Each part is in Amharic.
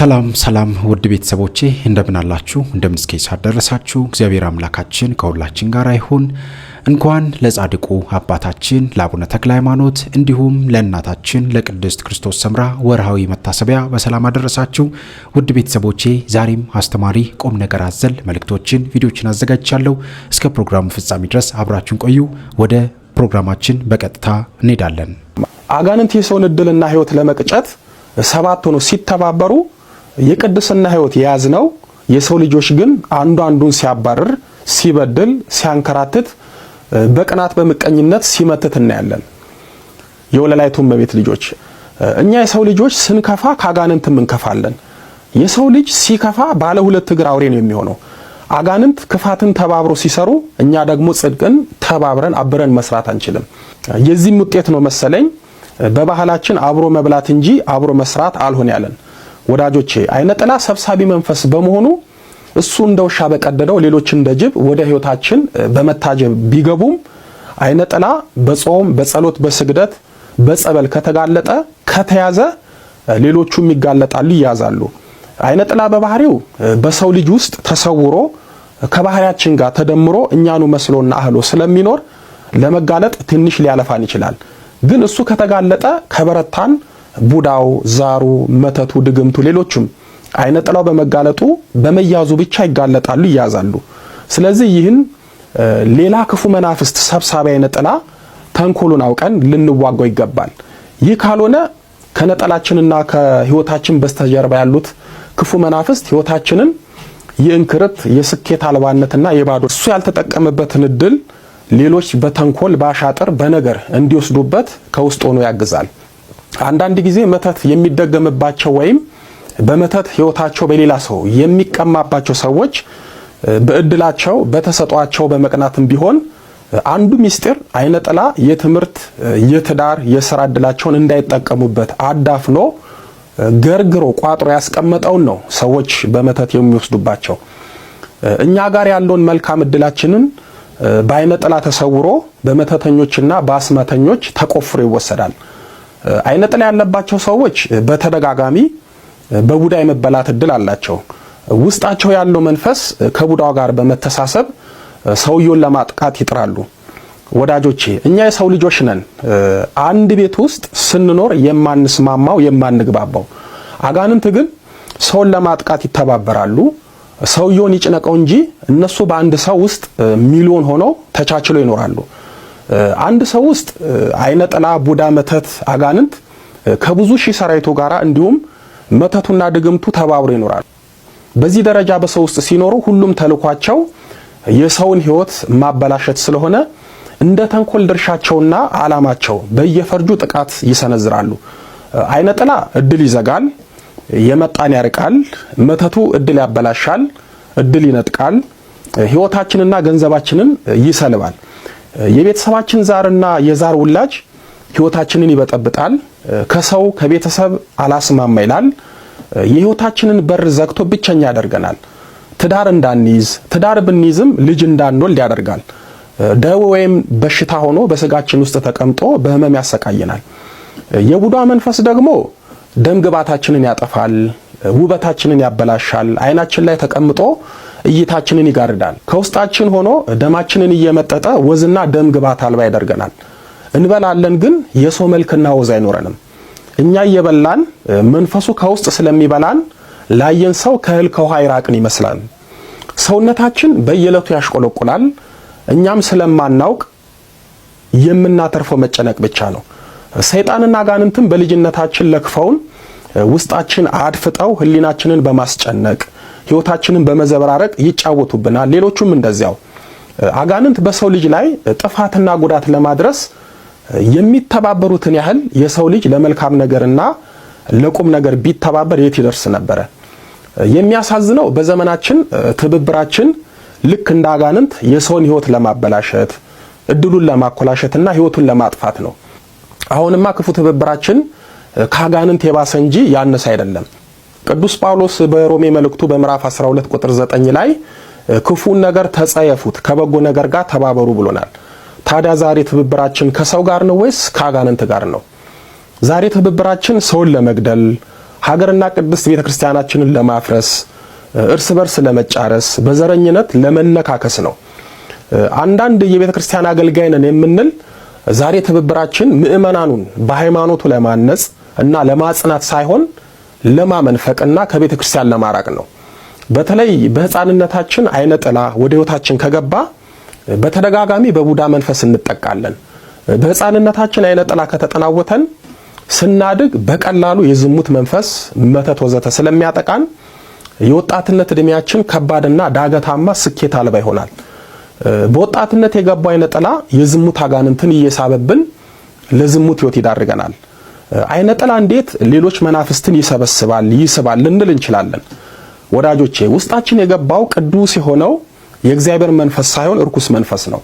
ሰላም ሰላም ውድ ቤተሰቦቼ እንደምናላችሁ አላችሁ? እንደምን እስከ እግዚአብሔር አምላካችን ከሁላችን ጋር ይሁን። እንኳን ለጻድቁ አባታችን ለአቡነ ተክለ ሃይማኖት እንዲሁም ለእናታችን ለቅድስት ክርስቶስ ሰምራ ወርሃዊ መታሰቢያ በሰላም አደረሳችሁ። ውድ ቤተሰቦቼ ዛሬም አስተማሪ ቁም ነገር አዘል መልእክቶችን፣ ቪዲዮችን አዘጋጅቻለሁ። እስከ ፕሮግራሙ ፍጻሜ ድረስ አብራችሁን ቆዩ። ወደ ፕሮግራማችን በቀጥታ እንሄዳለን። አጋንንት የሰውን እድልና ህይወት ለመቅጨት ሰባት ሆኖ ሲተባበሩ የቅድስና ህይወት የያዝ ነው። የሰው ልጆች ግን አንዱ አንዱን ሲያባርር፣ ሲበድል፣ ሲያንከራትት፣ በቅናት በምቀኝነት ሲመትት እናያለን። የወለላይቱ በቤት ልጆች እኛ የሰው ልጆች ስንከፋ ከአጋንንትም እንከፋለን። የሰው ልጅ ሲከፋ ባለ ሁለት እግር አውሬ ነው የሚሆነው። አጋንንት ክፋትን ተባብሮ ሲሰሩ፣ እኛ ደግሞ ጽድቅን ተባብረን አብረን መስራት አንችልም። የዚህም ውጤት ነው መሰለኝ በባህላችን አብሮ መብላት እንጂ አብሮ መስራት አልሆን ያለን። ወዳጆቼ አይነ ጥላ ሰብሳቢ መንፈስ በመሆኑ እሱ እንደ ውሻ በቀደደው ሌሎች እንደ ጅብ ወደ ህይወታችን በመታጀብ ቢገቡም አይነ ጥላ በጾም በጸሎት በስግደት በጸበል ከተጋለጠ ከተያዘ ሌሎቹም ይጋለጣሉ ይያዛሉ አይነ ጥላ በባህሪው በሰው ልጅ ውስጥ ተሰውሮ ከባህሪያችን ጋር ተደምሮ እኛኑ መስሎና አህሎ ስለሚኖር ለመጋለጥ ትንሽ ሊያለፋን ይችላል ግን እሱ ከተጋለጠ ከበረታን ቡዳው፣ ዛሩ፣ መተቱ፣ ድግምቱ፣ ሌሎቹም አይነ ጥላው በመጋለጡ በመያዙ ብቻ ይጋለጣሉ፣ ይያዛሉ። ስለዚህ ይህን ሌላ ክፉ መናፍስት ሰብሳቢ አይነ ጥላ ተንኮሉን አውቀን ልንዋጋው ይገባል። ይህ ካልሆነ ከነጠላችንና ከህይወታችን በስተጀርባ ያሉት ክፉ መናፍስት ህይወታችንን የእንክርት የስኬት አልባነትና የባዶ እሱ ያልተጠቀመበትን እድል ሌሎች በተንኮል በአሻጥር በነገር እንዲወስዱበት ከውስጥ ሆኖ ያግዛል። አንዳንድ ጊዜ መተት የሚደገምባቸው ወይም በመተት ህይወታቸው በሌላ ሰው የሚቀማባቸው ሰዎች በእድላቸው በተሰጧቸው በመቅናትም ቢሆን አንዱ ሚስጢር አይነጥላ የትምህርት፣ የትዳር፣ የስራ እድላቸውን እንዳይጠቀሙበት አዳፍኖ ገርግሮ ቋጥሮ ያስቀመጠውን ነው ሰዎች በመተት የሚወስዱባቸው። እኛ ጋር ያለውን መልካም እድላችንን በአይነጥላ ተሰውሮ በመተተኞችና በአስማተኞች ተቆፍሮ ይወሰዳል። አይነ ጥላ ያለባቸው ሰዎች በተደጋጋሚ በቡዳ የመበላት እድል አላቸው። ውስጣቸው ያለው መንፈስ ከቡዳው ጋር በመተሳሰብ ሰውየውን ለማጥቃት ይጥራሉ። ወዳጆቼ እኛ የሰው ልጆች ነን። አንድ ቤት ውስጥ ስንኖር የማንስማማው የማንግባባው። አጋንንት ግን ሰውን ለማጥቃት ይተባበራሉ። ሰውየውን ይጭነቀው እንጂ እነሱ በአንድ ሰው ውስጥ ሚሊዮን ሆነው ተቻችሎ ይኖራሉ። አንድ ሰው ውስጥ አይነ ጥላ፣ ቡዳ፣ መተት፣ አጋንንት ከብዙ ሺህ ሰራዊቱ ጋር እንዲሁም መተቱና ድግምቱ ተባብሮ ይኖራል። በዚህ ደረጃ በሰው ውስጥ ሲኖሩ ሁሉም ተልኳቸው የሰውን ህይወት ማበላሸት ስለሆነ እንደ ተንኮል ድርሻቸውና አላማቸው በየፈርጁ ጥቃት ይሰነዝራሉ። አይነ ጥላ እድል ይዘጋል፣ የመጣን ያርቃል። መተቱ እድል ያበላሻል፣ እድል ይነጥቃል፣ ህይወታችንና ገንዘባችንን ይሰልባል። የቤተሰባችን ዛርና የዛር ውላጅ ህይወታችንን ይበጠብጣል። ከሰው ከቤተሰብ አላስማማ ይላል። የህይወታችንን በር ዘግቶ ብቸኛ ያደርገናል። ትዳር እንዳንይዝ፣ ትዳር ብንይዝም ልጅ እንዳንወልድ ያደርጋል። ደዌ ወይም በሽታ ሆኖ በስጋችን ውስጥ ተቀምጦ በህመም ያሰቃየናል። የቡዳ መንፈስ ደግሞ ደም ግባታችንን ያጠፋል፣ ውበታችንን ያበላሻል። አይናችን ላይ ተቀምጦ እይታችንን ይጋርዳል። ከውስጣችን ሆኖ ደማችንን እየመጠጠ ወዝና ደም ግባት አልባ ያደርገናል። እንበላለን ግን የሰው መልክና ወዝ አይኖረንም። እኛ እየበላን መንፈሱ ከውስጥ ስለሚበላን ላየን ሰው ከእህል ከውሃ ይራቅን ይመስላል። ሰውነታችን በየዕለቱ ያሽቆለቁላል። እኛም ስለማናውቅ የምናተርፈው መጨነቅ ብቻ ነው። ሰይጣንና አጋንንትም በልጅነታችን ለክፈውን ውስጣችን አድፍጠው ህሊናችንን በማስጨነቅ ህይወታችንን በመዘበራረቅ ይጫወቱብናል። ሌሎቹም እንደዚያው አጋንንት በሰው ልጅ ላይ ጥፋትና ጉዳት ለማድረስ የሚተባበሩትን ያህል የሰው ልጅ ለመልካም ነገርና ለቁም ነገር ቢተባበር የት ይደርስ ነበረ? የሚያሳዝነው በዘመናችን ትብብራችን ልክ እንደ አጋንንት የሰውን ህይወት ለማበላሸት እድሉን ለማኮላሸትና ህይወቱን ለማጥፋት ነው። አሁንማ ክፉ ትብብራችን ካጋንንት የባሰ እንጂ ያነሰ አይደለም። ቅዱስ ጳውሎስ በሮሜ መልእክቱ በምዕራፍ 12 ቁጥር 9 ላይ ክፉን ነገር ተጸየፉት ከበጎ ነገር ጋር ተባበሩ ብሎናል። ታዲያ ዛሬ ትብብራችን ከሰው ጋር ነው ወይስ ከአጋንንት ጋር ነው? ዛሬ ትብብራችን ሰውን ለመግደል፣ ሀገርና ቅድስት ቤተ ክርስቲያናችንን ለማፍረስ፣ እርስ በርስ ለመጫረስ፣ በዘረኝነት ለመነካከስ ነው። አንዳንድ የቤተ ክርስቲያን አገልጋይ ነን የምንል ዛሬ ትብብራችን ምእመናኑን በሃይማኖቱ ለማነጽ እና ለማጽናት ሳይሆን ለማመንፈቅና ከቤተ ክርስቲያን ለማራቅ ነው። በተለይ በህፃንነታችን አይነ ጥላ ወደ ህይወታችን ከገባ በተደጋጋሚ በቡዳ መንፈስ እንጠቃለን። በህፃንነታችን አይነ ጥላ ከተጠናወተን ስናድግ በቀላሉ የዝሙት መንፈስ፣ መተት ወዘተ ስለሚያጠቃን የወጣትነት እድሜያችን ከባድና ዳገታማ ስኬት አልባ ይሆናል። በወጣትነት የገባው አይነ ጥላ የዝሙት አጋንንትን እየሳበብን ለዝሙት ህይወት ይዳርገናል። አይነ ጥላ እንዴት ሌሎች መናፍስትን ይሰበስባል ይስባል ልንል እንችላለን። ወዳጆቼ ውስጣችን የገባው ቅዱስ የሆነው የእግዚአብሔር መንፈስ ሳይሆን እርኩስ መንፈስ ነው።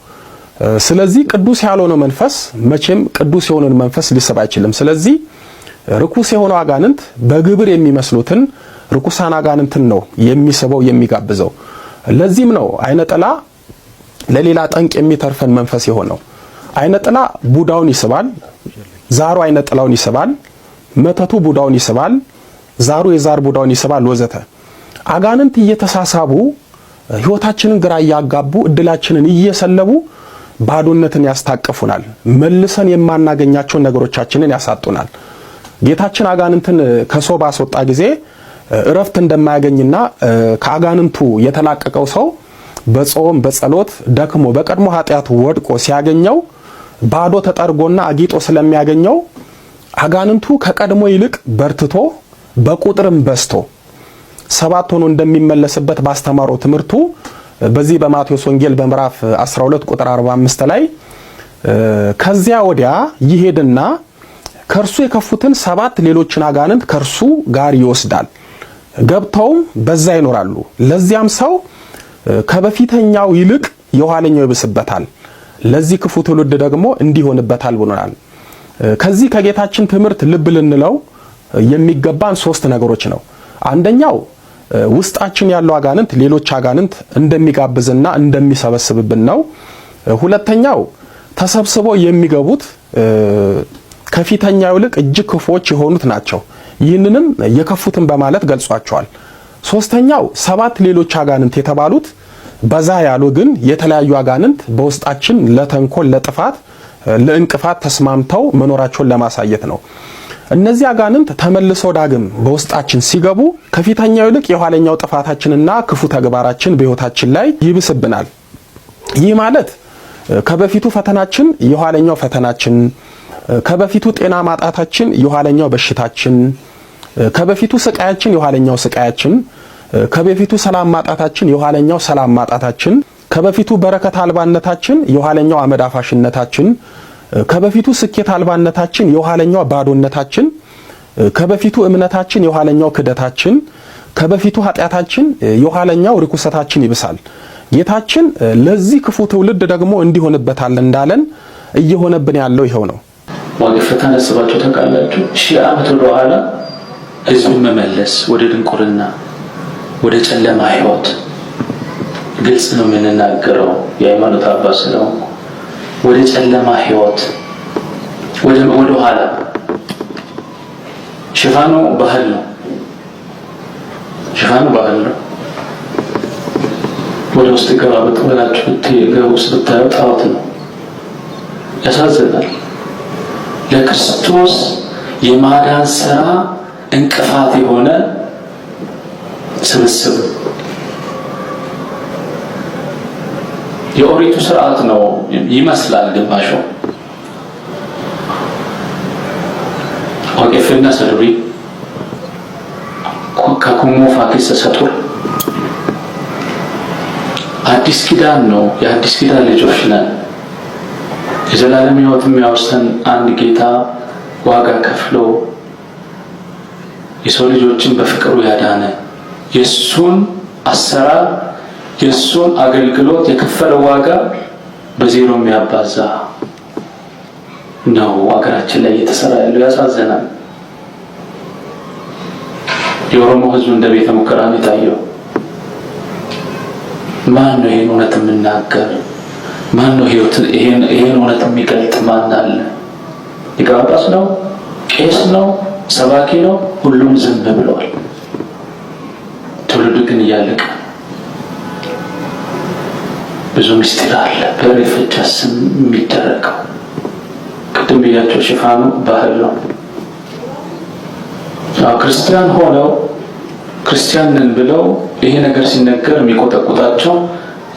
ስለዚህ ቅዱስ ያልሆነው መንፈስ መቼም ቅዱስ የሆነን መንፈስ ሊስብ አይችልም። ስለዚህ ርኩስ የሆነው አጋንንት በግብር የሚመስሉትን ርኩሳን አጋንንትን ነው የሚስበው የሚጋብዘው። ለዚህም ነው አይነ ጥላ ለሌላ ጠንቅ የሚተርፈን መንፈስ የሆነው። አይነ ጥላ ቡዳውን ይስባል። ዛሩ አይነ ጥላውን ይስባል፣ መተቱ ቡዳውን ይስባል፣ ዛሩ የዛር ቡዳውን ይስባል ወዘተ። አጋንንት እየተሳሳቡ ህይወታችንን ግራ እያጋቡ እድላችንን እየሰለቡ ባዶነትን ያስታቅፉናል። መልሰን የማናገኛቸውን ነገሮቻችንን ያሳጡናል። ጌታችን አጋንንትን ከሰው ባስወጣ ጊዜ እረፍት እንደማያገኝና ከአጋንንቱ የተላቀቀው ሰው በጾም በጸሎት ደክሞ በቀድሞ ኃጢአት ወድቆ ሲያገኘው ባዶ ተጠርጎና አጊጦ ስለሚያገኘው አጋንንቱ ከቀድሞ ይልቅ በርትቶ በቁጥርም በዝቶ ሰባት ሆኖ እንደሚመለስበት ባስተማረው ትምህርቱ በዚህ በማቴዎስ ወንጌል በምዕራፍ 12 ቁጥር 45 ላይ ከዚያ ወዲያ ይሄድና ከእርሱ የከፉትን ሰባት ሌሎችን አጋንንት ከእርሱ ጋር ይወስዳል፣ ገብተውም በዛ ይኖራሉ። ለዚያም ሰው ከበፊተኛው ይልቅ የኋለኛው ይብስበታል። ለዚህ ክፉ ትውልድ ደግሞ እንዲሆንበታል ብሎናል። ከዚህ ከጌታችን ትምህርት ልብ ልንለው የሚገባን ሶስት ነገሮች ነው። አንደኛው ውስጣችን ያለው አጋንንት ሌሎች አጋንንት እንደሚጋብዝና እንደሚሰበስብብን ነው። ሁለተኛው ተሰብስበው የሚገቡት ከፊተኛው ይልቅ እጅግ ክፉዎች የሆኑት ናቸው። ይህንንም የከፉትን በማለት ገልጿቸዋል። ሶስተኛው ሰባት ሌሎች አጋንንት የተባሉት በዛ ያሉ ግን የተለያዩ አጋንንት በውስጣችን ለተንኮል፣ ለጥፋት፣ ለእንቅፋት ተስማምተው መኖራቸውን ለማሳየት ነው። እነዚህ አጋንንት ተመልሶ ዳግም በውስጣችን ሲገቡ ከፊተኛው ይልቅ የኋለኛው ጥፋታችንና ክፉ ተግባራችን በሕይወታችን ላይ ይብስብናል። ይህ ማለት ከበፊቱ ፈተናችን የኋለኛው ፈተናችን፣ ከበፊቱ ጤና ማጣታችን የኋለኛው በሽታችን፣ ከበፊቱ ስቃያችን የኋለኛው ስቃያችን ከበፊቱ ሰላም ማጣታችን የኋለኛው ሰላም ማጣታችን፣ ከበፊቱ በረከት አልባነታችን የኋለኛው አመድ አፋሽነታችን፣ ከበፊቱ ስኬት አልባነታችን የኋለኛው ባዶነታችን፣ ከበፊቱ እምነታችን የኋለኛው ክደታችን፣ ከበፊቱ ኃጢአታችን የኋለኛው ርኩሰታችን ይብሳል። ጌታችን ለዚህ ክፉ ትውልድ ደግሞ እንዲሆንበታል እንዳለን እየሆነብን ያለው ይኸው ነው። ዋቅፍ ታነስባቸው ታውቃላችሁ። ሺህ ዓመት ወደኋላ ህዝብን መመለስ ወደ ድንቁርና ወደ ጨለማ ህይወት ግልጽ ነው የምንናገረው። የሃይማኖት አባት ነው። ወደ ጨለማ ህይወት ወደ ኋላ ሽፋኑ ባህል ነው። ሽፋኑ ባህል ነው። ወደ ውስጥ ገባ በጥበላችሁ ገብ ውስጥ ብታየው ጣዖት ነው። ያሳዝናል። ለክርስቶስ የማዳን ስራ እንቅፋት የሆነ ስብስብ የኦሪቱ ስርዓት ነው ይመስላል ግባሾ ዋቄፍና ሰዱሪ ከኩሞ ፋኪስ ሰጡር አዲስ ኪዳን ነው። የአዲስ ኪዳን ልጆች ነን። የዘላለም ህይወት የሚያወርሰን አንድ ጌታ ዋጋ ከፍሎ የሰው ልጆችን በፍቅሩ ያዳነ የእሱን አሰራር የእሱን አገልግሎት የከፈለው ዋጋ በዜሮ የሚያባዛ ነው ሀገራችን ላይ እየተሰራ ያለው። ያሳዘናል። የኦሮሞ ህዝብ እንደ ቤተ ሙከራ ነው የታየው። ማን ነው ይህን እውነት የምናገር? ማን ነው ይህን እውነት የሚገልጥ? ማን አለ? ሊቀ ጳጳስ ነው? ቄስ ነው? ሰባኪ ነው? ሁሉም ዝም ብለዋል። ግን እያለቀ ብዙ ምስጢር አለ። በሬፍቻ ስም የሚደረገው ቅድም ብያቸው ሽፋኑ ባህል ነው። ክርስቲያን ሆነው ክርስቲያንን ብለው ይሄ ነገር ሲነገር የሚቆጠቁጣቸው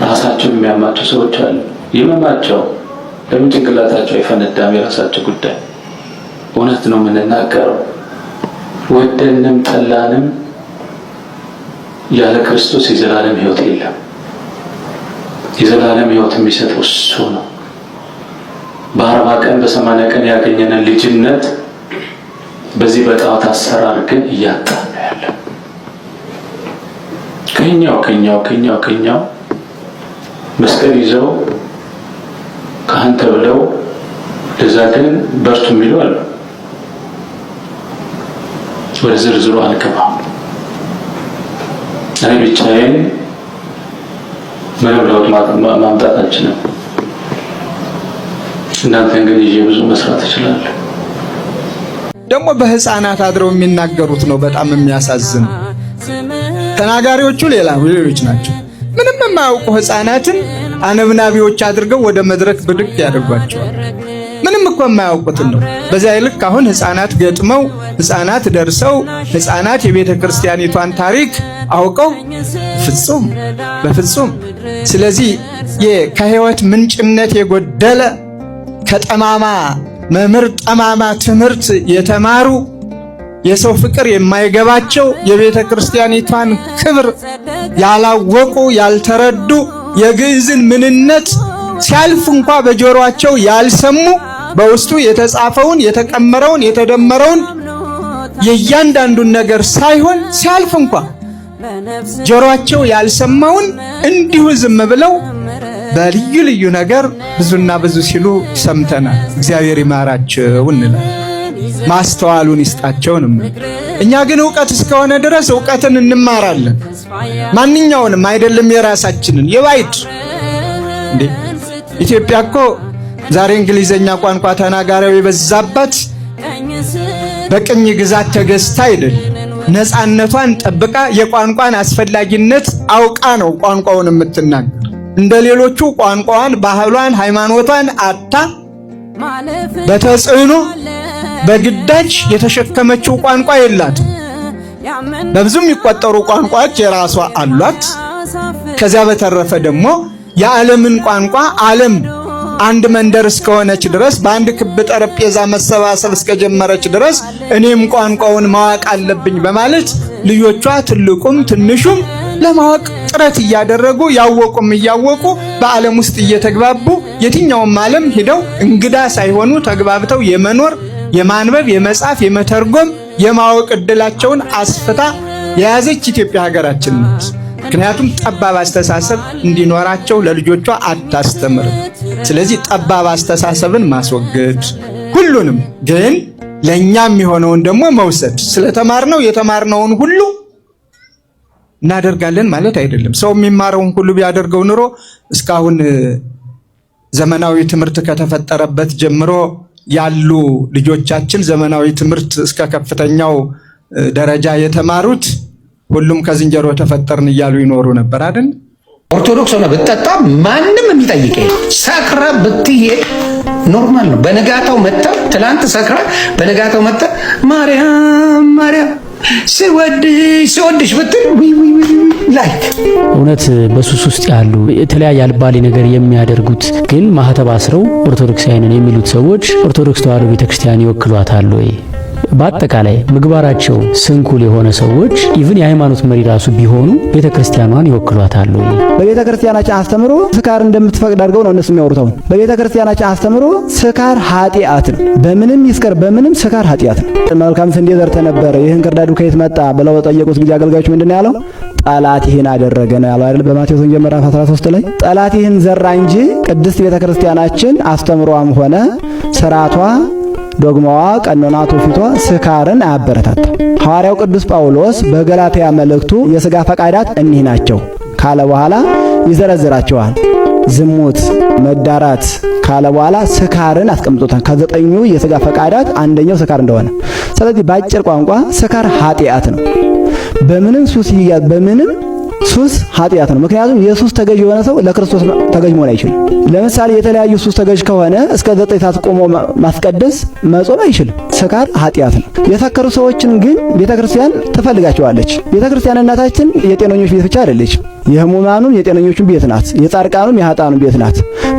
ራሳቸውን የሚያማቸው ሰዎች አሉ። ይመማቸው ለምን ጭንቅላታቸው አይፈነዳም? የራሳቸው ጉዳይ። እውነት ነው የምንናገረው ወደንም ጠላንም ያለ ክርስቶስ የዘላለም ህይወት የለም። የዘላለም ህይወት የሚሰጠው እሱ ነው። በአርባ ቀን በሰማንያ ቀን ያገኘነን ልጅነት በዚህ በጣዖት አሰራር ግን እያጣ ነው ያለ ከኛው ከኛው ከኛው ከኛው መስቀል ይዘው ካህን ተብለው ለዛ ግን በርቱ የሚሉ አሉ። ወደ ዝርዝሩ አልገባም። እኔ ብቻዬን ምንም ለውጥ ማምጣት አልችልም። እናንተን ግን ይዤ ብዙ መስራት እችላለሁ። ደግሞ በህፃናት አድረው የሚናገሩት ነው በጣም የሚያሳዝን። ተናጋሪዎቹ ሌላ ሌሎች ናቸው። ምንም የማያውቁ ህፃናትን አነብናቢዎች አድርገው ወደ መድረክ ብድግ ያደርጓቸዋል። ምንም እኮ የማያውቁትን ነው። በዚያ ይልቅ አሁን ህፃናት ገጥመው ህፃናት ደርሰው ህፃናት የቤተ ክርስቲያኒቷን ታሪክ አውቀው ፍጹም በፍጹም ስለዚህ ከህይወት ምንጭነት የጎደለ ከጠማማ መምህር ጠማማ ትምህርት የተማሩ የሰው ፍቅር የማይገባቸው የቤተ ክርስቲያኒቷን ክብር ያላወቁ ያልተረዱ የግዕዝን ምንነት ሲያልፍ እንኳ በጆሮአቸው ያልሰሙ በውስጡ የተጻፈውን የተቀመረውን የተደመረውን የእያንዳንዱን ነገር ሳይሆን ሲያልፍ እንኳ ጆሮአቸው ያልሰማውን እንዲሁ ዝም ብለው በልዩ ልዩ ነገር ብዙና ብዙ ሲሉ ሰምተናል። እግዚአብሔር ይማራቸው እንላለን። ማስተዋሉን ይስጣቸውንም። እኛ ግን እውቀት እስከሆነ ድረስ እውቀትን እንማራለን። ማንኛውንም አይደለም የራሳችንን የባይድ ኢትዮጵያ እኮ ዛሬ እንግሊዘኛ ቋንቋ ተናጋሪው የበዛባት በቅኝ ግዛት ተገዝታ አይደል፣ ነፃነቷን ጠብቃ የቋንቋን አስፈላጊነት አውቃ ነው ቋንቋውን የምትናገር። እንደ ሌሎቹ ቋንቋዋን፣ ባህሏን፣ ሃይማኖቷን አታ በተጽዕኖ በግዳጅ የተሸከመችው ቋንቋ የላት። በብዙ የሚቆጠሩ ቋንቋዎች የራሷ አሏት። ከዚያ በተረፈ ደግሞ የዓለምን ቋንቋ ዓለም አንድ መንደር እስከሆነች ድረስ በአንድ ክብ ጠረጴዛ መሰባሰብ እስከጀመረች ድረስ እኔም ቋንቋውን ማወቅ አለብኝ በማለት ልጆቿ ትልቁም ትንሹም ለማወቅ ጥረት እያደረጉ ያወቁም እያወቁ በዓለም ውስጥ እየተግባቡ የትኛውም ዓለም ሂደው እንግዳ ሳይሆኑ ተግባብተው የመኖር የማንበብ፣ የመጻፍ፣ የመተርጎም፣ የማወቅ እድላቸውን አስፍታ የያዘች ኢትዮጵያ ሀገራችን ናት። ምክንያቱም ጠባብ አስተሳሰብ እንዲኖራቸው ለልጆቿ አታስተምርም። ስለዚህ ጠባብ አስተሳሰብን ማስወገድ ሁሉንም ግን ለእኛ የሚሆነውን ደግሞ መውሰድ። ስለተማርነው የተማርነውን ሁሉ እናደርጋለን ማለት አይደለም። ሰው የሚማረውን ሁሉ ቢያደርገው ኑሮ እስካሁን ዘመናዊ ትምህርት ከተፈጠረበት ጀምሮ ያሉ ልጆቻችን ዘመናዊ ትምህርት እስከ ከፍተኛው ደረጃ የተማሩት ሁሉም ከዝንጀሮ ተፈጠርን እያሉ ይኖሩ ነበር አይደል? ኦርቶዶክስ ሆነ ብትጠጣ ማንም የሚጠይቅ ሰክረ ብትሄድ ኖርማል ነው። በነጋታው መጣ ትላንት ሰክራ በነጋታው መጣ ማርያም ማርያም ስወድሽ ስወድሽ ብትል ላይክ እውነት በሱስ ውስጥ ያሉ የተለያየ አልባሌ ነገር የሚያደርጉት ግን ማህተብ አስረው ኦርቶዶክሳዊ ነን የሚሉት ሰዎች ኦርቶዶክስ ተዋሕዶ ቤተክርስቲያን ይወክሏታል ወይ? በአጠቃላይ ምግባራቸው ስንኩል የሆነ ሰዎች ኢቭን የሃይማኖት መሪ ራሱ ቢሆኑ ቤተ ክርስቲያኗን ይወክሏታሉ። በቤተ ክርስቲያናችን አስተምሮ ስካር እንደምትፈቅድ አድርገው ነው እነሱ የሚያወሩት። አሁን በቤተ ክርስቲያናችን አስተምሮ ስካር ኃጢአት ነው። በምንም ይስከር በምንም ስካር ኃጢአት ነው። መልካም ስንዴ ዘርተ ነበረ፣ ይህን ክርዳዱ ከየት መጣ ብለው ጠየቁት ጊዜ አገልጋዮች ምንድን ያለው? ጠላት ይህን አደረገ ነው ያለው አይደል? በማቴዎስ ወንጌል ምዕራፍ 13 ላይ ጠላት ይህን ዘራ እንጂ ቅድስት ቤተ ክርስቲያናችን አስተምሯም ሆነ ስርዓቷ ዶግማዋ፣ ቀኖና፣ ትውፊቷ ስካርን አያበረታታም። ሐዋርያው ቅዱስ ጳውሎስ በገላትያ መልእክቱ የሥጋ ፈቃዳት እኒህ ናቸው ካለ በኋላ ይዘረዝራቸዋል። ዝሙት፣ መዳራት ካለ በኋላ ስካርን አስቀምጦታል። ከዘጠኙ የሥጋ ፈቃዳት አንደኛው ስካር እንደሆነ። ስለዚህ በአጭር ቋንቋ ስካር ኃጢአት ነው። በምንም ሱስ ይያዝ፣ በምንም ሱስ ኃጢአት ነው። ምክንያቱም የሱስ ተገዥ የሆነ ሰው ለክርስቶስ ተገዥ መሆን አይችልም። ለምሳሌ የተለያዩ ሱስ ተገዥ ከሆነ እስከ ዘጠኝ ሰዓት ቆሞ ማስቀደስ መጾም አይችልም። ስካር ኃጢአት ነው። የሰከሩ ሰዎችን ግን ቤተ ክርስቲያን ትፈልጋቸዋለች። ቤተ ክርስቲያን እናታችን የጤነኞች ቤት ብቻ አይደለች። የህሙማኑም የጤነኞቹም ቤት ናት። የጻድቃኑም የኃጥአኑም ቤት ናት።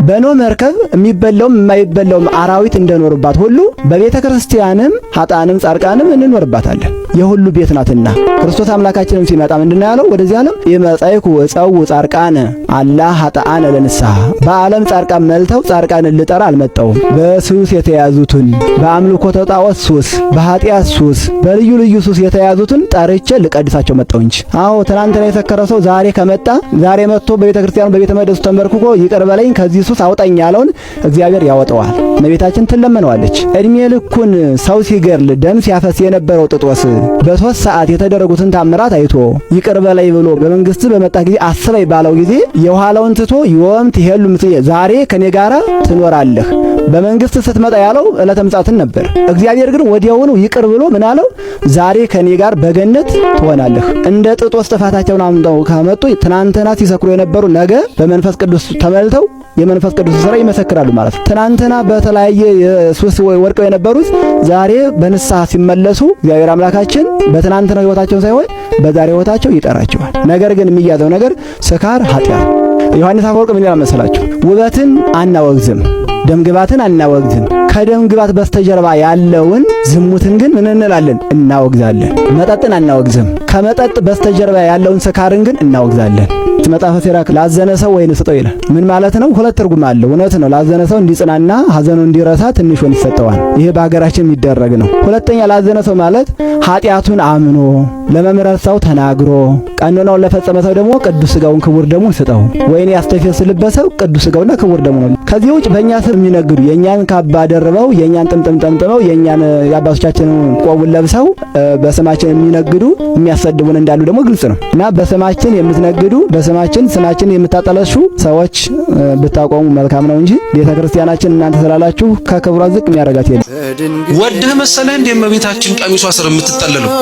በኖ መርከብ የሚበላውም የማይበላውም አራዊት እንደኖርባት ሁሉ በቤተ ክርስቲያንም ኃጥአንም ጻድቃንም እንኖርባታለን። የሁሉ ቤት ናትና ክርስቶስ አምላካችንም ሲመጣ ምንድነው ያለው? ወደዚህ ዓለም የመጻይኩ ወጻው ጻርቃነ አላ ሀጣአን ለንስሐ በዓለም ጻርቃን መልተው ጻርቃንን ልጠራ አልመጣውም። በሱስ የተያዙትን በአምልኮ ተጣዖት ሱስ፣ በኃጢአት ሱስ፣ በልዩ ልዩ ሱስ የተያዙትን ጠርቼ ልቀድሳቸው መጣው እንጂ። አዎ ትናንትና የሰከረ ሰው ዛሬ ከመጣ ዛሬ መጥቶ በቤተ ክርስቲያኑ በቤተ መቅደሱ ተንበርክኮ ይቅር በለኝ ከዚህ ሱስ አውጣኝ ያለውን እግዚአብሔር ያወጣዋል። እመቤታችን ትለመነዋለች። እድሜ ልኩን ሰው ሲገርል ደም ሲያፈስ የነበረው ጥጦስ በሶስት ሰዓት የተደረጉትን ታምራት አይቶ ይቅር በላይ ብሎ በመንግስት በመጣ ጊዜ አስበኝ ባለው ጊዜ የኋላውን ትቶ ይወም ትሄሉ ምስዬ ዛሬ ከኔ ጋር ትኖራለህ በመንግስት ስትመጣ ያለው ዕለተ ምጽአትን ነበር። እግዚአብሔር ግን ወዲያውኑ ይቅር ብሎ ምን አለው? ዛሬ ከኔ ጋር በገነት ትሆናለህ። እንደ ጥጦስ ጥፋታቸውን አምጠው ካመጡ ትናንትና ሲሰክሩ የነበሩ ነገ በመንፈስ ቅዱስ ተመልተው የመንፈስ ቅዱስ ስራ ይመሰክራሉ ማለት ነው። ትናንትና በተለያየ ሱስ ወድቀው የነበሩት ዛሬ በንስሐ ሲመለሱ እግዚአብሔር አምላካችን በትናንትናው ህይወታቸው ሳይሆን በዛሬ ህይወታቸው ይጠራቸዋል። ነገር ግን የሚያዘው ነገር ስካር፣ ኃጢአት። ዮሐንስ አፈወርቅ ምን ይላል መሰላችሁ? ውበትን አናወግዝም፣ ደምግባትን አናወግዝም ከደም ግባት በስተጀርባ ያለውን ዝሙትን ግን ምን እንላለን? እናወግዛለን። መጠጥን አናወግዝም። ከመጠጥ በስተጀርባ ያለውን ስካርን ግን እናወግዛለን። መጽሐፈ ሲራክ ላዘነ ሰው ወይን ስጠው ይላል። ምን ማለት ነው? ሁለት ትርጉም አለው። እውነት ነው። ላዘነ ሰው እንዲጽናና ሐዘኑ እንዲረሳ ትንሽ ወይን ይሰጠዋል። ይሄ በሀገራችን የሚደረግ ነው። ሁለተኛ ላዘነ ሰው ማለት ኃጢአቱን አምኖ ለመምህረት ሰው ተናግሮ ቀኖናውን ለፈጸመ ሰው ደግሞ ቅዱስ ሥጋውን ክቡር ደሙን ስጠው። ወይን ያስተፈስልበት ሰው ቅዱስ ሥጋውና ክቡር ደሙ ነው። ከዚህ ውጭ በእኛ ስር የሚነግዱ የእኛን ካባ ደርበው የእኛን ጥምጥም ጠምጥመው የእኛን የአባቶቻችን ቆቡን ለብሰው በስማችን የሚነግዱ የሚያሰድቡን እንዳሉ ደግሞ ግልጽ ነው እና በስማችን የምትነግዱ በስማችን ስማችን የምታጠለሹ ሰዎች ብታቆሙ መልካም ነው እንጂ ቤተ ክርስቲያናችን እናንተ ስላላችሁ ከክብሯ ዝቅ የሚያደርጋት የለም። ወደህ መሰለህ እንደ እመቤታችን ቀሚሷ ስር የምትጠለለው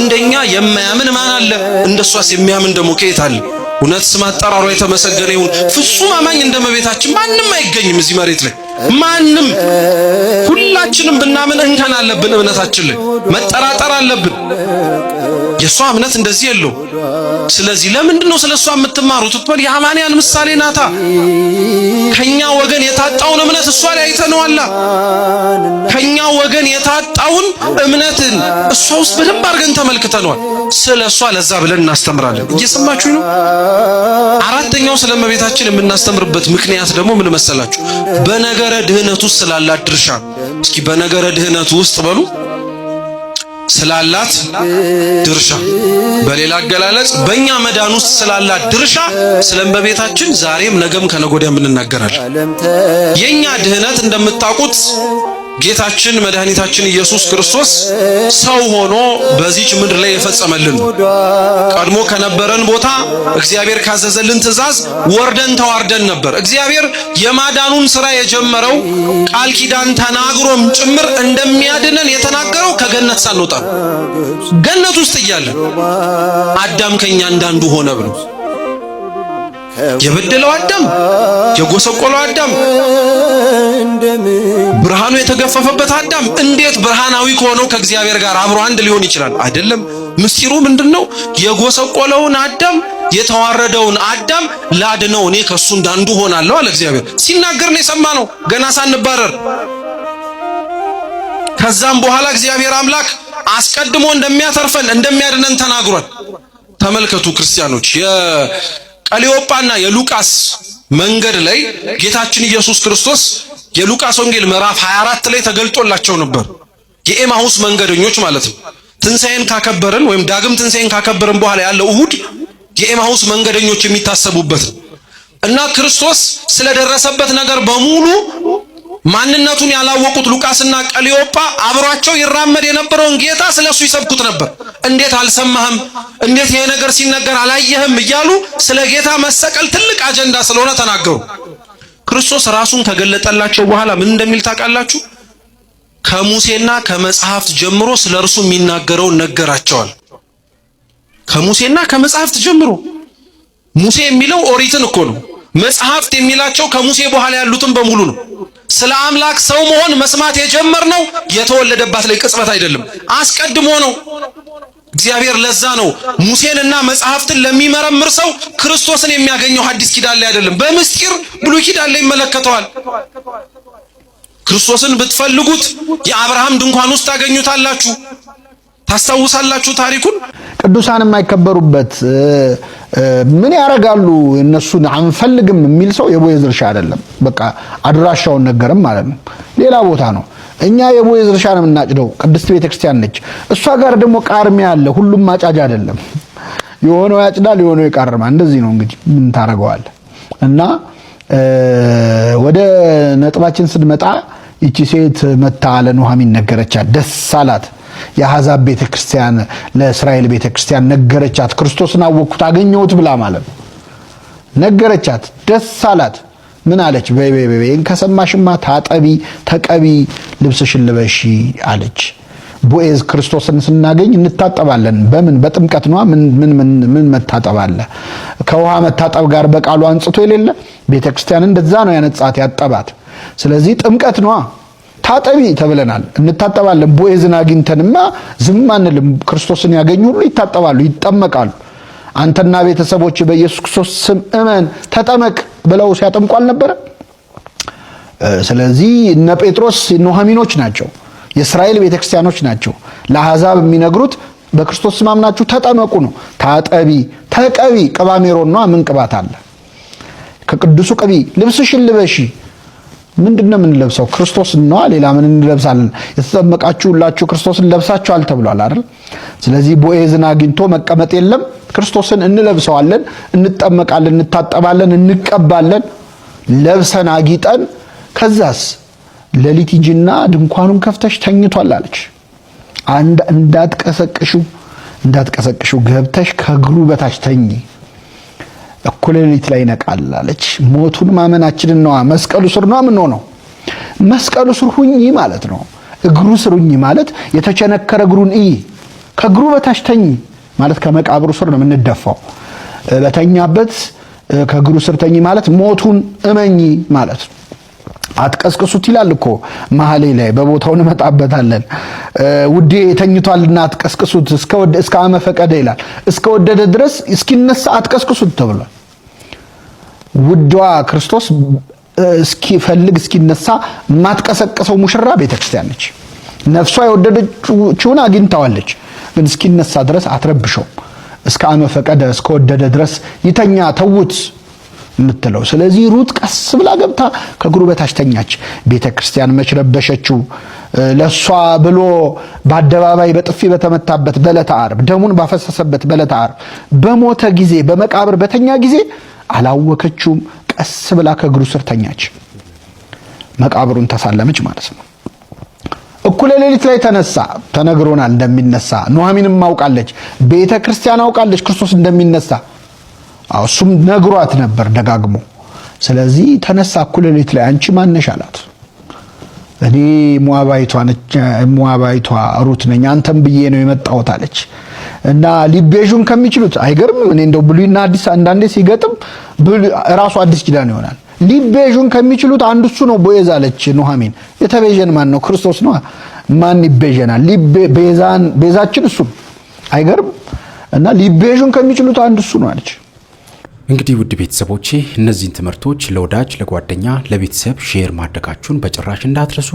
እንደኛ የማያምን ማን አለ? እንደሷስ የሚያምን ደግሞ ከየት አለ? እውነት ስም አጠራሯ የተመሰገነ ይሁን። ፍጹም አማኝ እንደ መቤታችን ማንም አይገኝም እዚህ መሬት ላይ ማንም። ሁላችንም ብናምን እንከን አለብን፣ እምነታችን ላይ መጠራጠር አለብን። የእሷ እምነት እንደዚህ የለው። ስለዚህ ለምንድን ነው ስለ እሷ የምትማሩት? ትበል የአማንያን ምሳሌ ናታ። ከኛ ወገን የታጣውን እምነት እሷ ላይ አይተነዋላ። ከኛ ወገን የታጣውን እምነትን እሷ ውስጥ በደንብ አድርገን ተመልክተነዋል። ስለ እሷ ለዛ ብለን እናስተምራለን። እየሰማችሁ ነው። አራተኛው ስለ እመቤታችን የምናስተምርበት ምክንያት ደግሞ ምን መሰላችሁ? በነገረ ድህነት ውስጥ ስላላት ድርሻ። እስኪ በነገረ ድህነት ውስጥ በሉ ስላላት ድርሻ፣ በሌላ አገላለጽ በእኛ መዳን ውስጥ ስላላት ድርሻ ስለእመቤታችን ዛሬም ነገም ከነገ ወዲያም እንናገራለን። የእኛ ድህነት እንደምታውቁት ጌታችን መድኃኒታችን ኢየሱስ ክርስቶስ ሰው ሆኖ በዚች ምድር ላይ የፈጸመልን ቀድሞ ከነበረን ቦታ እግዚአብሔር ካዘዘልን ትእዛዝ ወርደን ተዋርደን ነበር። እግዚአብሔር የማዳኑን ስራ የጀመረው ቃል ኪዳን ተናግሮም ጭምር እንደሚያድነን የተናገረው ከገነት ሳንወጣ ገነት ውስጥ እያለን አዳም ከኛ እንዳንዱ ሆነ ብሎ የበደለው አዳም፣ የጎሰቆለው አዳም፣ ብርሃኑ የተገፈፈበት አዳም እንዴት ብርሃናዊ ከሆነው ከእግዚአብሔር ጋር አብሮ አንድ ሊሆን ይችላል? አይደለም። ምስጢሩ ምንድነው? የጎሰቆለውን አዳም የተዋረደውን አዳም ላድነው እኔ ከሱ እንዳንዱ ሆናለሁ አለ እግዚአብሔር። ሲናገር ነው የሰማነው ገና ሳንባረር። ከዛም በኋላ እግዚአብሔር አምላክ አስቀድሞ እንደሚያተርፈን እንደሚያድነን ተናግሯል። ተመልከቱ ክርስቲያኖች ቀሊዮጳና የሉቃስ መንገድ ላይ ጌታችን ኢየሱስ ክርስቶስ የሉቃስ ወንጌል ምዕራፍ 24 ላይ ተገልጦላቸው ነበር። የኤማሁስ መንገደኞች ማለት ነው። ትንሣኤን ካከበርን ወይም ዳግም ትንሣኤን ካከበርን በኋላ ያለው እሁድ የኤማሁስ መንገደኞች የሚታሰቡበት ነው እና ክርስቶስ ስለደረሰበት ነገር በሙሉ ማንነቱን ያላወቁት ሉቃስና ቀሊዮጳ አብሯቸው ይራመድ የነበረውን ጌታ ስለሱ ይሰብኩት ነበር። እንዴት አልሰማህም? እንዴት ይሄ ነገር ሲነገር አላየህም? እያሉ ስለ ጌታ መሰቀል ትልቅ አጀንዳ ስለሆነ ተናገሩ። ክርስቶስ ራሱን ከገለጠላቸው በኋላ ምን እንደሚል ታውቃላችሁ? ከሙሴና ከመጽሐፍት ጀምሮ ስለ እርሱ የሚናገረውን ነገራቸዋል። ከሙሴና ከመጽሐፍት ጀምሮ ሙሴ የሚለው ኦሪትን እኮ ነው። መጽሐፍት የሚላቸው ከሙሴ በኋላ ያሉትን በሙሉ ነው። ስለ አምላክ ሰው መሆን መስማት የጀመርነው የተወለደባት ላይ ቅጽበት አይደለም፣ አስቀድሞ ነው። እግዚአብሔር ለዛ ነው ሙሴንና መጽሐፍትን ለሚመረምር ሰው ክርስቶስን የሚያገኘው ሐዲስ ኪዳን ላይ አይደለም፣ በምስጢር ብሉይ ኪዳን ላይ ይመለከተዋል። ክርስቶስን ብትፈልጉት የአብርሃም ድንኳን ውስጥ ታገኙታላችሁ። ታስታውሳላችሁ ታሪኩን። ቅዱሳን የማይከበሩበት ምን ያደርጋሉ እነሱን አንፈልግም የሚል ሰው የቦዔዝ እርሻ አይደለም። በቃ አድራሻውን ነገርም ማለት ነው፣ ሌላ ቦታ ነው። እኛ የቦዔዝ እርሻ ነው የምናጭደው፣ ቅድስት ቤተክርስቲያን ነች። እሷ ጋር ደግሞ ቃርሚ አለ። ሁሉም ማጫጅ አይደለም። የሆነው ያጭዳል፣ የሆነው ይቃርማል። እንደዚህ ነው እንግዲህ ምን ታደርገዋል። እና ወደ ነጥባችን ስንመጣ ይቺ ሴት መታ ለኑኃሚን ነገረቻት፣ ደስ አላት። የአሕዛብ ቤተ ክርስቲያን ለእስራኤል ቤተ ክርስቲያን ነገረቻት። ክርስቶስን አወቅኩት አገኘሁት ብላ ማለት ነገረቻት፣ ደስ አላት። ምን አለች? በይን ከሰማሽማ ታጠቢ፣ ተቀቢ፣ ልብስሽን ልበሺ አለች። ቦኤዝ ክርስቶስን ስናገኝ እንታጠባለን። በምን በጥምቀት ነዋ። ምን መታጠብ አለ? ከውሃ መታጠብ ጋር በቃሉ አንጽቶ የሌለ ቤተ ክርስቲያን እንደዛ ነው ያነጻት ያጠባት። ስለዚህ ጥምቀት ነዋ። ታጠቢ ተብለናል። እንታጠባለን። ቦዔዝን አግኝተንማ ዝም አንልም። ክርስቶስን ያገኙ ሁሉ ይታጠባሉ፣ ይጠመቃሉ። አንተና ቤተሰቦች በኢየሱስ ክርስቶስ ስም እመን ተጠመቅ ብለው ሲያጠምቁ አልነበረ? ስለዚህ እነ ጴጥሮስ ኖሃሚኖች ናቸው፣ የእስራኤል ቤተክርስቲያኖች ናቸው። ለአሕዛብ የሚነግሩት በክርስቶስ ስም አምናችሁ ተጠመቁ ነው። ታጠቢ፣ ተቀቢ። ቅባ ምን ቅባት አለ? ከቅዱሱ ቅቢ ልብስሽን ልበሺ ምንድን ነው የምንለብሰው? ክርስቶስ ነው ሌላ ምን እንለብሳለን? የተጠመቃችሁ ሁላችሁ ክርስቶስን ለብሳችኋል ተብሏል አይደል? ስለዚህ ቦኤዝን አግኝቶ መቀመጥ የለም። ክርስቶስን እንለብሰዋለን፣ እንጠመቃለን፣ እንታጠባለን፣ እንቀባለን፣ ለብሰን አጊጠን። ከዛስ ሌሊት ሂጂና ድንኳኑን ከፍተሽ ተኝቷል አለች። እንዳትቀሰቅሹ፣ እንዳትቀሰቅሹ ገብተሽ ከእግሩ በታች ተኝ። እኩለ ሌሊት ላይ ይነቃል አለች። ሞቱን ማመናችንን ነዋ። መስቀሉ ስር ነው መስቀሉ ስር ሁኚ ማለት ነው። እግሩ ስሩኝ ማለት የተቸነከረ እግሩን እይ፣ ከእግሩ በታች ተኝ ማለት ከመቃብሩ ስር ነው የምንደፋው። በተኛበት ከእግሩ ስር ተኝ ማለት ሞቱን እመኚ ማለት ነው። አትቀስቅሱት ይላል እኮ መሐሌ ላይ በቦታው እንመጣበታለን። ውዴ ተኝቷልና አትቀስቅሱት እስከ አመፈቀደ ይላል። እስከ ወደደ ድረስ እስኪነሳ አትቀስቅሱት ተብሏል። ውዷ ክርስቶስ እስኪፈልግ እስኪነሳ የማትቀሰቅሰው ሙሽራ ቤተክርስቲያን ነች። ነፍሷ የወደደችውን አግኝታዋለች። ግን እስኪነሳ ድረስ አትረብሸው። እስከ አመፈቀደ እስከወደደ ድረስ ይተኛ ተዉት። የምትለው። ስለዚህ ሩት ቀስ ብላ ገብታ ከእግሩ በታች ተኛች። ቤተ ክርስቲያን መች ረበሸችው? ለእሷ ብሎ በአደባባይ በጥፊ በተመታበት በዕለተ ዓርብ፣ ደሙን ባፈሰሰበት በዕለተ ዓርብ በሞተ ጊዜ፣ በመቃብር በተኛ ጊዜ አላወከችውም። ቀስ ብላ ከእግሩ ስር ተኛች። መቃብሩን ተሳለመች ማለት ነው። እኩለ ሌሊት ላይ ተነሳ። ተነግሮናል እንደሚነሳ። ኑሐሚንም አውቃለች፣ ቤተ ክርስቲያን አውቃለች ክርስቶስ እንደሚነሳ እሱም ነግሯት ነበር ደጋግሞ። ስለዚህ ተነሳ፣ እኩለ ሌሊት ላይ አንቺ ማነሽ አላት። እኔ ሞዓባዊቷ ሩት ነኝ አንተም ብዬ ነው የመጣሁት አለች። እና ሊቤዥን ከሚችሉት አይገርምም። እኔ እንደው ብሉይና አዲስ አንዳንዴ ሲገጥም ራሱ አዲስ ኪዳን ይሆናል። ሊቤዥን ከሚችሉት አንዱ እሱ ነው ቦዔዝ አለች ኑኃሚን። የተቤዥን ማን ነው? ክርስቶስ ነው። ማን ይቤዥናል? ቤዛችን እሱ አይገርም። እና ሊቤዥን ከሚችሉት አንዱ እሱ ነው አለች። እንግዲህ ውድ ቤተሰቦቼ እነዚህን ትምህርቶች ለወዳጅ ለጓደኛ፣ ለቤተሰብ ሼር ማድረጋችሁን በጭራሽ እንዳትረሱ።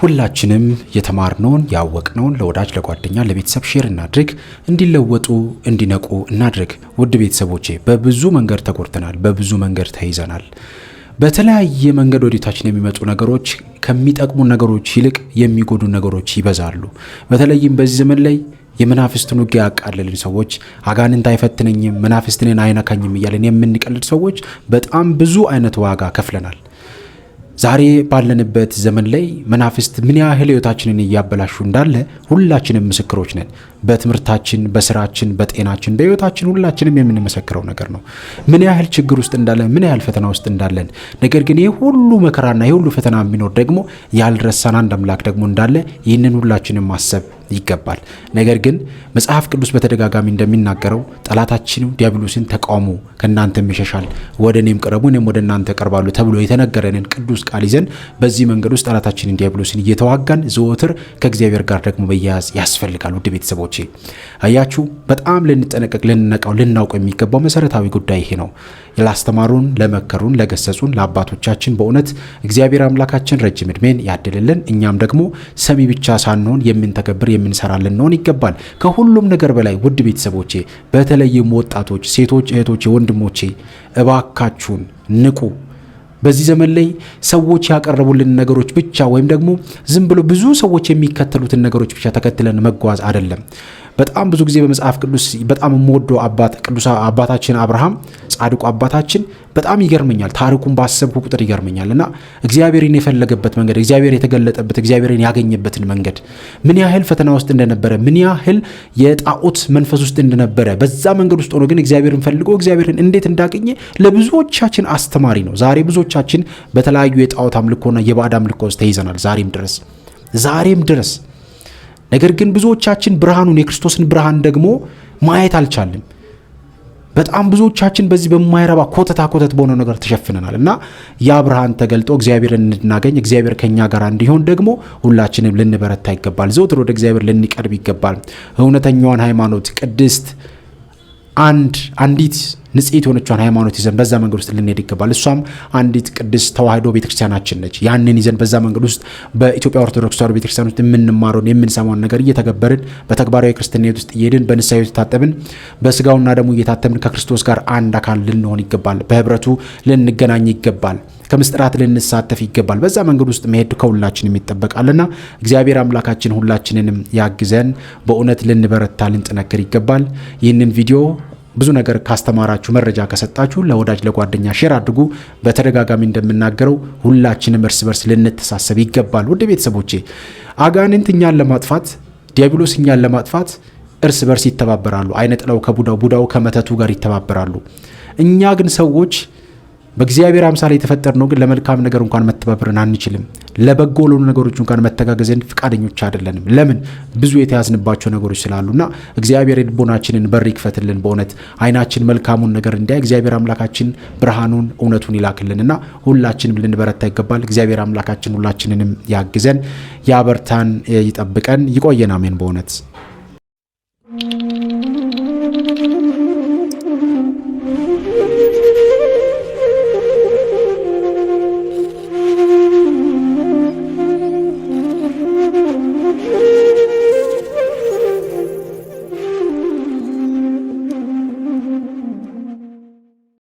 ሁላችንም የተማርነውን ያወቅነውን ለወዳጅ ለጓደኛ ለቤተሰብ ሼር እናድርግ። እንዲለወጡ እንዲነቁ እናድርግ። ውድ ቤተሰቦቼ በብዙ መንገድ ተጎድተናል፣ በብዙ መንገድ ተይዘናል። በተለያየ መንገድ ወደታችን የሚመጡ ነገሮች ከሚጠቅሙ ነገሮች ይልቅ የሚጎዱ ነገሮች ይበዛሉ። በተለይም በዚህ ዘመን ላይ የመናፍስትን ውጊያ ያቃለልን ሰዎች አጋንንት አይፈትነኝም፣ መናፍስትንን አይነካኝም እያለን የምንቀልድ ሰዎች በጣም ብዙ አይነት ዋጋ ከፍለናል። ዛሬ ባለንበት ዘመን ላይ መናፍስት ምን ያህል ህይወታችንን እያበላሹ እንዳለ ሁላችንም ምስክሮች ነን። በትምህርታችን፣ በስራችን፣ በጤናችን፣ በህይወታችን ሁላችንም የምንመሰክረው ነገር ነው። ምን ያህል ችግር ውስጥ እንዳለን፣ ምን ያህል ፈተና ውስጥ እንዳለን፣ ነገር ግን ይህ ሁሉ መከራና ይህ ሁሉ ፈተና የሚኖር ደግሞ ያልረሳን አንድ አምላክ ደግሞ እንዳለ ይህንን ሁላችንም ማሰብ ይገባል። ነገር ግን መጽሐፍ ቅዱስ በተደጋጋሚ እንደሚናገረው ጠላታችን ዲያብሎስን ተቃውሞ ከእናንተም ይሸሻል፣ ወደ እኔም ቅረቡ፣ እኔም ወደ እናንተ ቀርባሉ ተብሎ የተነገረንን ቅዱስ ቃል ይዘን በዚህ መንገድ ውስጥ ጠላታችንን ዲያብሎስን እየተዋጋን ዘወትር ከእግዚአብሔር ጋር ደግሞ መያያዝ ያስፈልጋል። ውድ ቤተሰቦች አያችሁ፣ በጣም ልንጠነቀቅ ልንነቃው ልናውቀው የሚገባው መሰረታዊ ጉዳይ ይሄ ነው። ላስተማሩን፣ ለመከሩን፣ ለገሰጹን ለአባቶቻችን በእውነት እግዚአብሔር አምላካችን ረጅም እድሜን ያድልልን። እኛም ደግሞ ሰሚ ብቻ ሳንሆን የምንተገብር የምንሰራ ልንሆን ይገባል። ከሁሉም ነገር በላይ ውድ ቤተሰቦቼ፣ በተለይም ወጣቶች፣ ሴቶች፣ እህቶቼ፣ ወንድሞቼ እባካችሁን ንቁ። በዚህ ዘመን ላይ ሰዎች ያቀረቡልን ነገሮች ብቻ ወይም ደግሞ ዝም ብሎ ብዙ ሰዎች የሚከተሉትን ነገሮች ብቻ ተከትለን መጓዝ አይደለም። በጣም ብዙ ጊዜ በመጽሐፍ ቅዱስ በጣም የምወደው አባት ቅዱስ አባታችን አብርሃም ጻድቁ አባታችን በጣም ይገርመኛል። ታሪኩን ባሰብኩ ቁጥር ይገርመኛል እና እግዚአብሔርን የፈለገበት መንገድ፣ እግዚአብሔር የተገለጠበት፣ እግዚአብሔርን ያገኘበትን መንገድ ምን ያህል ፈተና ውስጥ እንደነበረ፣ ምን ያህል የጣዖት መንፈስ ውስጥ እንደነበረ በዛ መንገድ ውስጥ ሆኖ ግን እግዚአብሔርን ፈልጎ እግዚአብሔርን እንዴት እንዳገኘ ለብዙዎቻችን አስተማሪ ነው። ዛሬ ብዙዎቻችን በተለያዩ የጣዖት አምልኮና የባዕድ አምልኮ ውስጥ ተይዘናል። ዛሬም ድረስ ዛሬም ድረስ ነገር ግን ብዙዎቻችን ብርሃኑን የክርስቶስን ብርሃን ደግሞ ማየት አልቻልም። በጣም ብዙዎቻችን በዚህ በማይረባ ኮተታ ኮተት በሆነ ነገር ተሸፍነናል እና ያ ብርሃን ተገልጦ እግዚአብሔርን እንድናገኝ እግዚአብሔር ከኛ ጋር እንዲሆን ደግሞ ሁላችንም ልንበረታ ይገባል። ዘውትር ወደ እግዚአብሔር ልንቀርብ ይገባል። እውነተኛዋን ሃይማኖት ቅድስት አንድ አንዲት ንጽሕት የሆነቿን ሃይማኖት ይዘን በዛ መንገድ ውስጥ ልንሄድ ይገባል። እሷም አንዲት ቅድስት ተዋህዶ ቤተክርስቲያናችን ነች። ያንን ይዘን በዛ መንገድ ውስጥ በኢትዮጵያ ኦርቶዶክስ ተዋህዶ ቤተክርስቲያን ውስጥ የምንማረውን የምንሰማውን ነገር እየተገበርን በተግባራዊ ክርስትና ውስጥ እየሄድን በንስሐ ሕይወት በስጋውና ደሙ እየታተምን ከክርስቶስ ጋር አንድ አካል ልንሆን ይገባል። በህብረቱ ልንገናኝ ይገባል። ከምስጥራት ልንሳተፍ ይገባል። በዛ መንገድ ውስጥ መሄድ ከሁላችንም ይጠበቃልና እግዚአብሔር አምላካችን ሁላችንንም ያግዘን። በእውነት ልንበረታ ልንጠነክር ይገባል። ይህንን ቪዲዮ ብዙ ነገር ካስተማራችሁ፣ መረጃ ከሰጣችሁ ለወዳጅ ለጓደኛ ሼር አድርጉ። በተደጋጋሚ እንደምናገረው ሁላችንም እርስ በርስ ልንተሳሰብ ይገባል። ውድ ቤተሰቦቼ አጋንንት እኛን ለማጥፋት ዲያብሎስ እኛን ለማጥፋት እርስ በርስ ይተባበራሉ። አይነ ጥላው ከቡዳው ቡዳው ከመተቱ ጋር ይተባበራሉ። እኛ ግን ሰዎች በእግዚአብሔር አምሳል ነው ግን ለመልካም ነገር እንኳን መተባበርን አንችልም። ለበጎ ለሆኑ ነገሮች እንኳን መተጋገዝ ፍቃደኞች አይደለንም። ለምን ብዙ የተያዝንባቸው ነገሮች ስላሉና እግዚአብሔር የልቦናችንን በር ይክፈትልን። በእውነት አይናችን መልካሙን ነገር እንዲያ እግዚአብሔር አምላካችን ብርሃኑን እውነቱን ይላክልንና ሁላችንም ልንበረታ ይገባል። እግዚአብሔር አምላካችን ሁላችንንም ያግዘን፣ ያበርታን፣ ይጠብቀን፣ ይቆየን። አሜን በእውነት